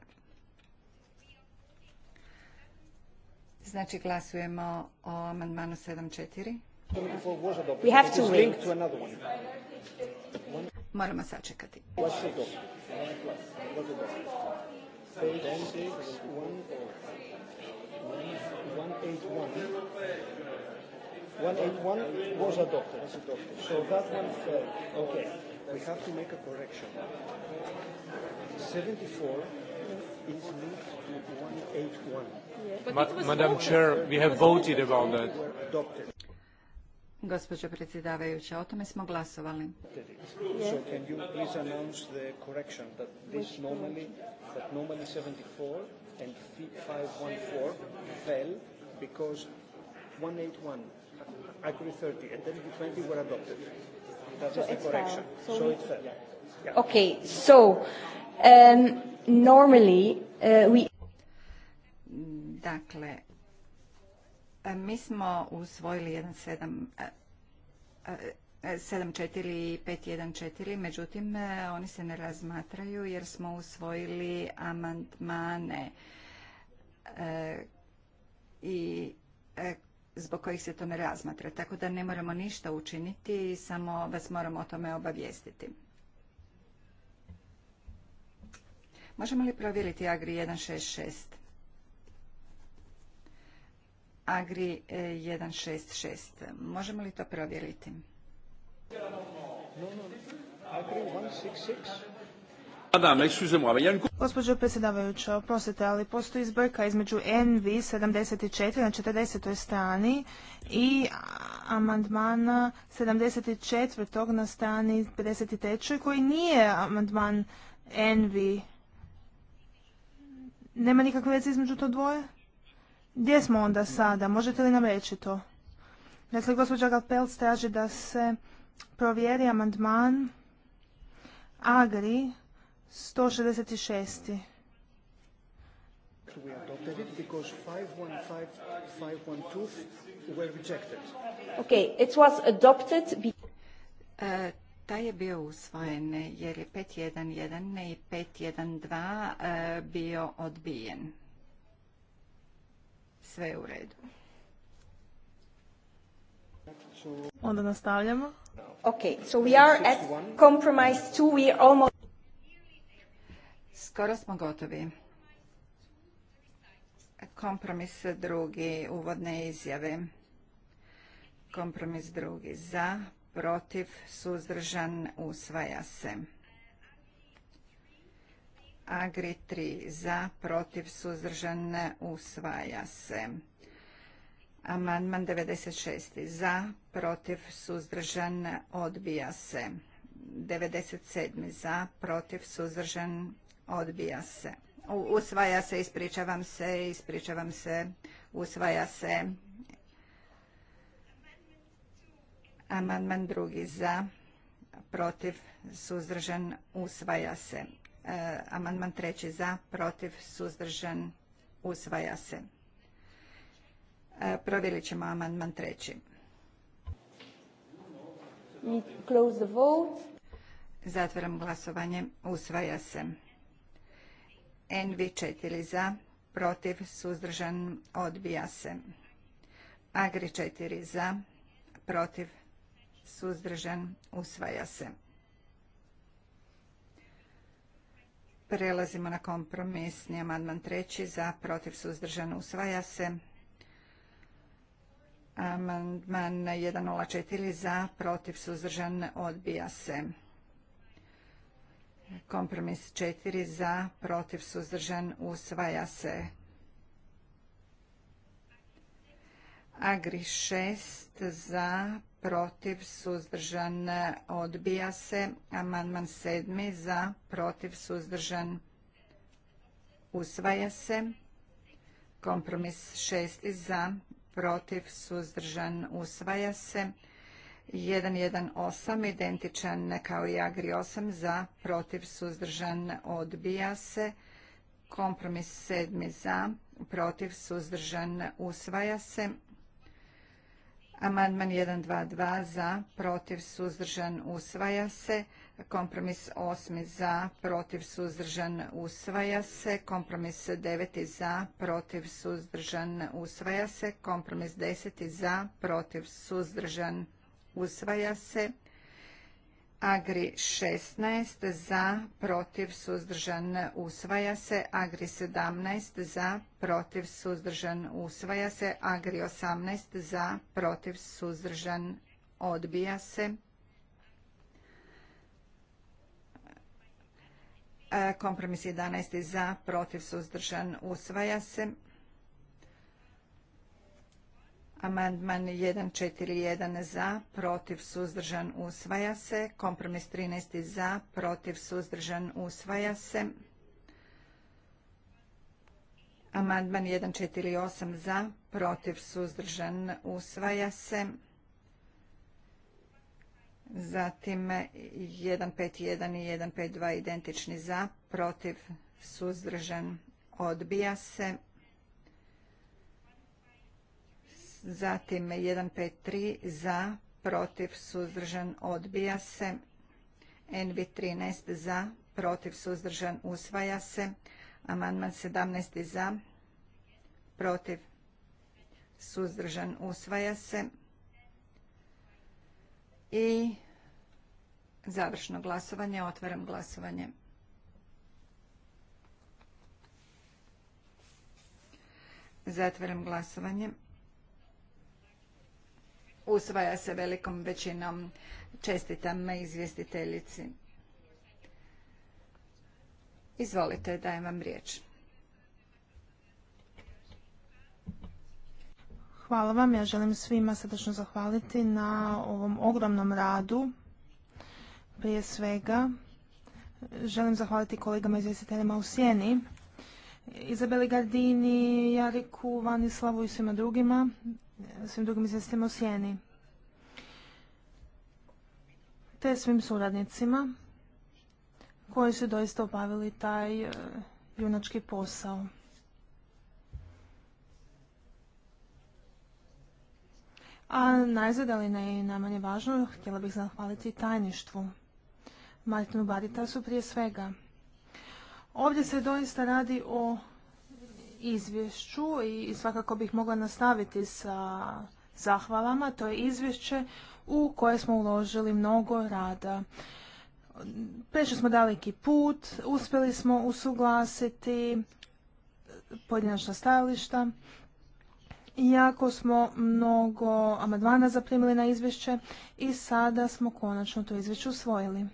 Znači glasujemo o amandmanu 7.4. Moramo sačekati. Okay. make a correction. 74 is linked to 181. Yeah, Ma Madam Chair, we have voted about that. Gospođo predsjedavajuća, o tome smo glasovali. So can you please announce the correction that this normally, that normally 74 and 514 fell because 181, Agri 30 and then 20 were adopted. That so is the correction. So, so it fell. Yeah. Okay, so Um, normally, uh, we... Dakle, e, mi smo usvojili 7.4 i 5.1.4, međutim, e, oni se ne razmatraju jer smo usvojili amandmane e, i zbog kojih se to ne razmatra. Tako da ne moramo ništa učiniti, samo vas moramo o tome obavijestiti. Možemo li provjeriti Agri 166? Agri 166. E, Možemo li to provjeriti? Gospođo predsjedavajuća, oprostite, ali postoji zbrka između NV 74 na 40. strani i amandmana 74. na strani 53. koji nije amandman NV nema nikakve veze između to dvoje? Gdje smo onda sada? Možete li nam reći to? Dakle, gospođa Galpel traži da se provjeri amandman Agri 166. We adopted it because 515, 512 were rejected. Okay, it was adopted. E, taj je bio usvojen jer je 5.1.1 i 5.1.2 e, bio odbijen. Sve je u redu. Onda nastavljamo. Okay, so we are at compromise 2, we almost... Skoro smo gotovi. Kompromis drugi, uvodne izjave. Kompromis drugi za, protiv, suzdržan, usvaja se. Agri 3 za, protiv, suzdržan, usvaja se. Amandman 96. za, protiv, suzdržan, odbija se. 97. za, protiv, suzdržan, odbija se. Usvaja se, ispričavam se, ispričavam se, usvaja se. Amandman drugi za, protiv, suzdržan, usvaja se. E, amandman treći za, protiv, suzdržan, usvaja se. E, provjerit ćemo amandman treći. Zatvaram glasovanje. Usvaja se. nv četiri za, protiv, suzdržan, odbija se. Agri četiri za, protiv, suzdržan, usvaja se. Prelazimo na kompromisni amandman treći za protiv suzdržan usvaja se. Amandman 104 za protiv suzdržan odbija se. Kompromis 4 za protiv suzdržan usvaja se. Agri 6 za protiv, suzdržan, odbija se. Amandman sedmi za, protiv, suzdržan, usvaja se. Kompromis šesti za, protiv, suzdržan, usvaja se. 118 identičan kao i Agri 8 za, protiv, suzdržan, odbija se. Kompromis sedmi za, protiv, suzdržan, usvaja se. Amandman 122 za, protiv, suzdržan, usvaja se. Kompromis 8 za, protiv, suzdržan, usvaja se. Kompromis 9 za, protiv, suzdržan, usvaja se. Kompromis 10 za, protiv, suzdržan, usvaja se. Agri 16 za, protiv, suzdržan, usvaja se. Agri 17 za, protiv, suzdržan, usvaja se. Agri 18 za, protiv, suzdržan, odbija se. E, kompromis 11 za, protiv, suzdržan, usvaja se. Amandman 141 za, protiv suzdržan usvaja se. Kompromis 13 za, protiv suzdržan usvaja se. Amandman 148 za, protiv suzdržan usvaja se. Zatim 151 i 152 identični za, protiv suzdržan odbija se. Zatim 153 za, protiv, suzdržan, odbija se. NV13 za, protiv, suzdržan, usvaja se. Amandman 17 za, protiv, suzdržan, usvaja se. I završno glasovanje, otvaram glasovanje. Zatvaram glasovanje usvaja se velikom većinom. Čestitam izvjestiteljici. Izvolite, dajem vam riječ. Hvala vam. Ja želim svima srdečno zahvaliti na ovom ogromnom radu. Prije svega želim zahvaliti kolegama izvjestiteljima u Sjeni, Izabeli Gardini, Jariku, Vanislavu i svima drugima svim drugim izvjestima u sjeni te svim suradnicima koji su doista obavili taj e, junački posao. A najzadali ne i najmanje važno, htjela bih zahvaliti tajništvu. Martinu Baritasu prije svega. Ovdje se doista radi o izvješću i svakako bih mogla nastaviti sa zahvalama. To je izvješće u koje smo uložili mnogo rada. Prešli smo daleki put, uspjeli smo usuglasiti pojedinačna stajališta. Iako smo mnogo amadvana zaprimili na izvješće i sada smo konačno to izvješće usvojili.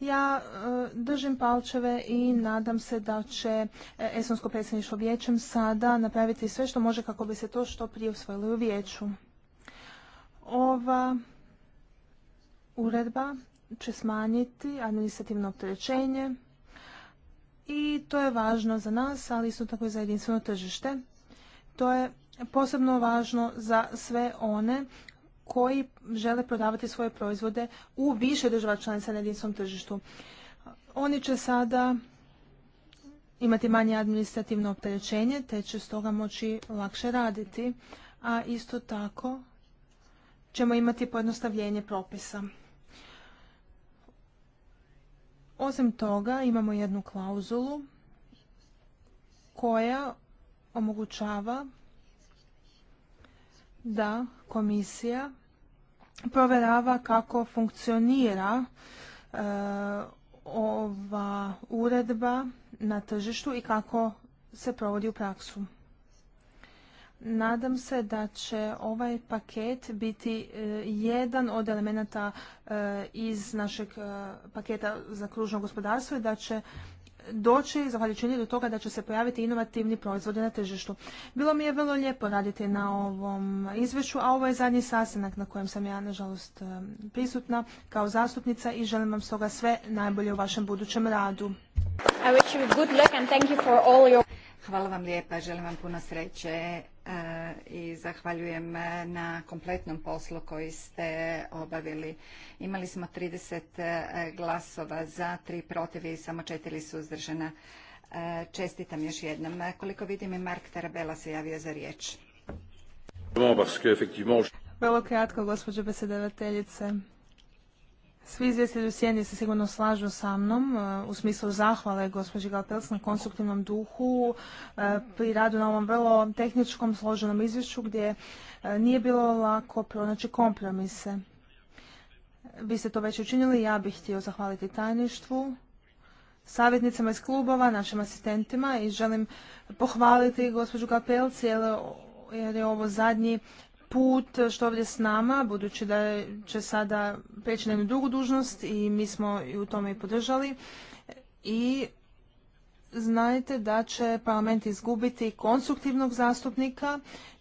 Ja e, držim palčeve i nadam se da će e, esonsko predsjedništvo vijećem sada napraviti sve što može kako bi se to što prije usvojilo u vijeću. Ova uredba će smanjiti administrativno opterećenje i to je važno za nas, ali isto tako i za jedinstveno tržište. To je posebno važno za sve one koji žele prodavati svoje proizvode u više država članica na jedinstvom tržištu. Oni će sada imati manje administrativno opterećenje, te će stoga moći lakše raditi, a isto tako ćemo imati pojednostavljenje propisa. Osim toga imamo jednu klauzulu koja omogućava da komisija provjerava kako funkcionira e, ova uredba na tržištu i kako se provodi u praksu. Nadam se da će ovaj paket biti e, jedan od elemenata e, iz našeg paketa za kružno gospodarstvo i da će doći, zahvaljujući do toga da će se pojaviti inovativni proizvodi na tržištu. Bilo mi je vrlo lijepo raditi na ovom izvješću, a ovo je zadnji sastanak na kojem sam ja, nažalost, prisutna kao zastupnica i želim vam stoga sve najbolje u vašem budućem radu. Hvala vam lijepa, želim vam puno sreće e, i zahvaljujem e, na kompletnom poslu koji ste obavili. Imali smo 30 e, glasova za, tri protiv i samo 4 suzdržana. Čestitam još jednom. Koliko vidim i Mark Tarabela se javio za riječ. Vrlo kratko, gospođo predsjedavateljice. Svi izvjestitelji u Sjeni se sigurno slažu sa mnom e, u smislu zahvale gospođi Galpels na konstruktivnom duhu e, pri radu na ovom vrlo tehničkom složenom izvješću gdje e, nije bilo lako pronaći kompromise. Vi ste to već učinili, ja bih htio zahvaliti tajništvu, savjetnicama iz klubova, našim asistentima i želim pohvaliti gospođu Galpels jer je ovo zadnji put što ovdje s nama, budući da će sada preći na jednu drugu dužnost i mi smo i u tome i podržali. I znajte da će parlament izgubiti konstruktivnog zastupnika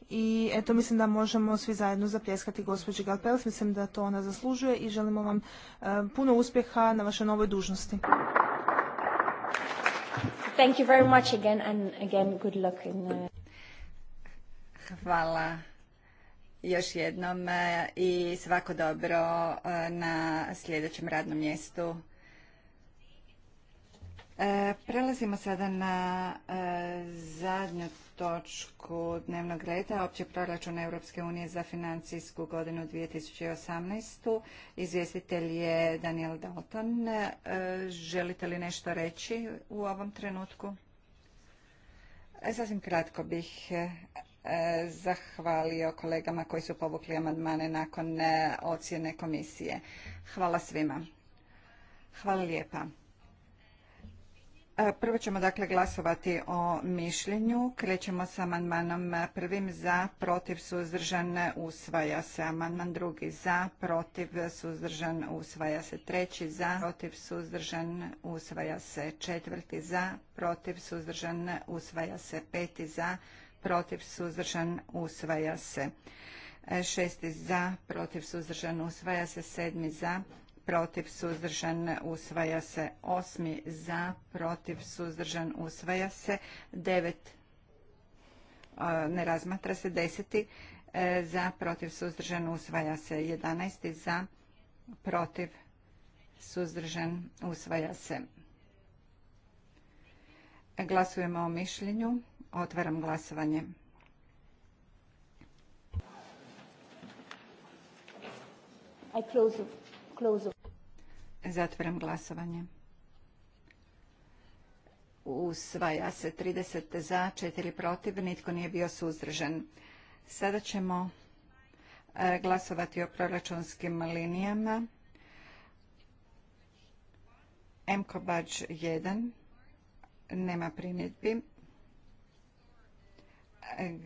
i eto mislim da možemo svi zajedno zapljeskati gospođi Galpels. Mislim da to ona zaslužuje i želimo vam e, puno uspjeha na vašoj novoj dužnosti. Thank you very much again and again good luck in, uh, Hvala još jednom e, i svako dobro e, na sljedećem radnom mjestu. E, prelazimo sada na zadnju točku dnevnog reda, opći proračun Europske unije za financijsku godinu 2018. Izvjestitelj je Daniel Dalton. Želite li nešto reći u ovom trenutku? Sasvim kratko bih E, zahvalio kolegama koji su povukli amandmane nakon e, ocjene komisije. Hvala svima. Hvala lijepa. E, prvo ćemo dakle glasovati o mišljenju. Krećemo sa amandmanom prvim za, protiv, suzdržan, usvaja se. Amandman drugi za, protiv, suzdržan, usvaja se. Treći za, protiv, suzdržan, usvaja se. Četvrti za, protiv, suzdržan, usvaja se. Peti za, protiv, suzdržan, usvaja se. E, šesti za, protiv, suzdržan, usvaja se. Sedmi za, protiv, suzdržan, usvaja se. Osmi za, protiv, suzdržan, usvaja se. Devet, ne razmatra se. Deseti e, za, protiv, suzdržan, usvaja se. Jedanesti za, protiv, suzdržan, usvaja se. Glasujemo o mišljenju. Otvaram glasovanje. Zatvaram glasovanje. Usvaja se 30 za, 4 protiv, nitko nije bio suzdržan. Sada ćemo e, glasovati o proračunskim linijama. MKO Bač 1, nema primjedbi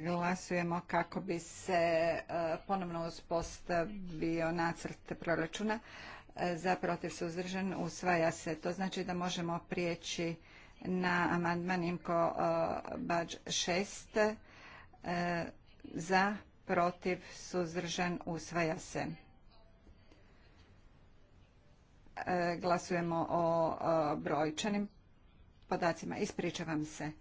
glasujemo kako bi se e, ponovno uspostavio nacrt proračuna e, za protiv suzdržan usvaja se. To znači da možemo prijeći na amandman Imko e, Bađ 6 za protiv suzdržan usvaja se. Glasujemo o brojčanim podacima. Ispričavam se.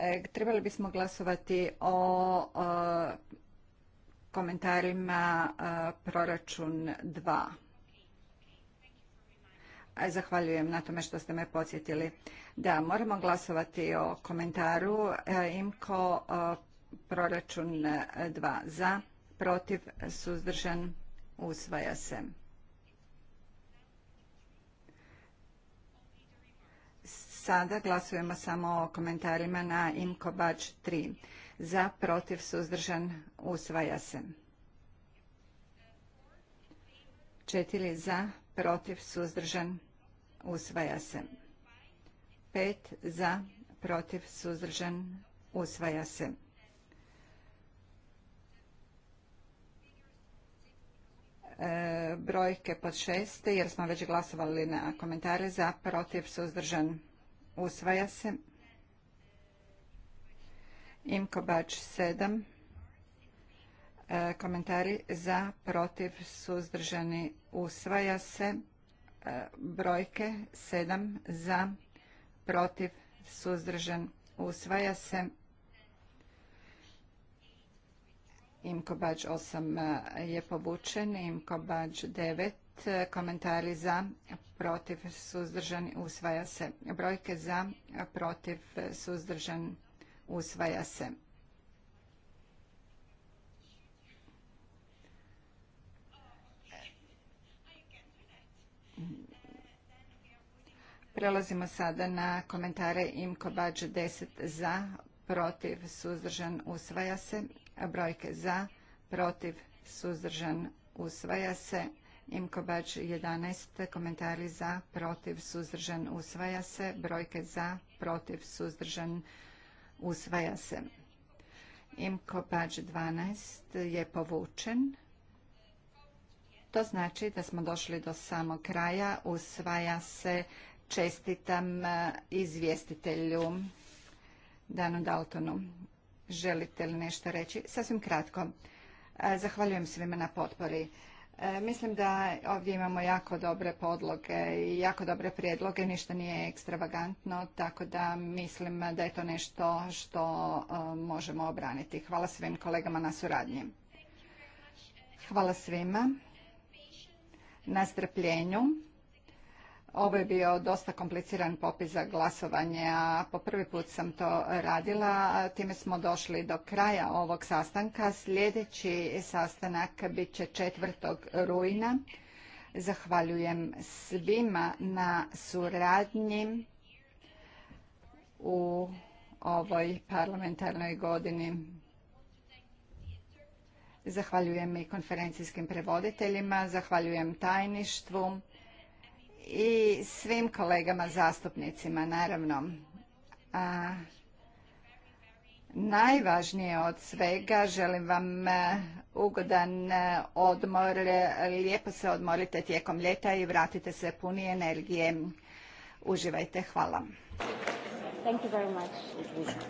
E, trebali bismo glasovati o komentarima e, proračun 2. Zahvaljujem na tome što ste me podsjetili. Da, moramo glasovati o komentaru e, IMKO proračun 2 za, protiv, suzdržan, usvaja se. Sada glasujemo samo o komentarima na Imko Bač 3. Za, protiv, suzdržan, usvaja se. Četiri, za, protiv, suzdržan, usvaja se. Pet, za, protiv, suzdržan, usvaja se. E, brojke pod šest, jer smo već glasovali na komentare za protiv suzdržan Usvaja se. Imko Bač 7. E, komentari za, protiv, suzdržani. Usvaja se. E, brojke 7. Za, protiv, suzdržan. Usvaja se. Imko Bač 8 e, je povučen. Imko Bač 9 E, komentari za, protiv, suzdržan, usvaja se. Brojke za, protiv, suzdržan, usvaja se. Prelazimo sada na komentare Imko bađe 10 za, protiv, suzdržan, usvaja se. Brojke za, protiv, suzdržan, usvaja se. Imko Bač 11, komentari za, protiv, suzdržan, usvaja se. Brojke za, protiv, suzdržan, usvaja se. Imko Bač 12 je povučen. To znači da smo došli do samog kraja. Usvaja se. Čestitam e, izvjestitelju Danu Daltonu. Želite li nešto reći? Sasvim kratko. E, zahvaljujem svima na potpori. E, mislim da ovdje imamo jako dobre podloge i jako dobre prijedloge, ništa nije ekstravagantno, tako da mislim da je to nešto što e, možemo obraniti. Hvala svim kolegama na suradnji. Hvala svima na strpljenju. Ovo je bio dosta kompliciran popis za glasovanje, a po prvi put sam to radila. Time smo došli do kraja ovog sastanka. Sljedeći sastanak bit će 4. rujna. Zahvaljujem svima na suradnji u ovoj parlamentarnoj godini. Zahvaljujem i konferencijskim prevoditeljima, zahvaljujem tajništvu i svim kolegama zastupnicima, naravno. A, najvažnije od svega, želim vam e, ugodan e, odmor, lijepo se odmorite tijekom ljeta i vratite se puni energije. Uživajte, hvala. Thank you very much.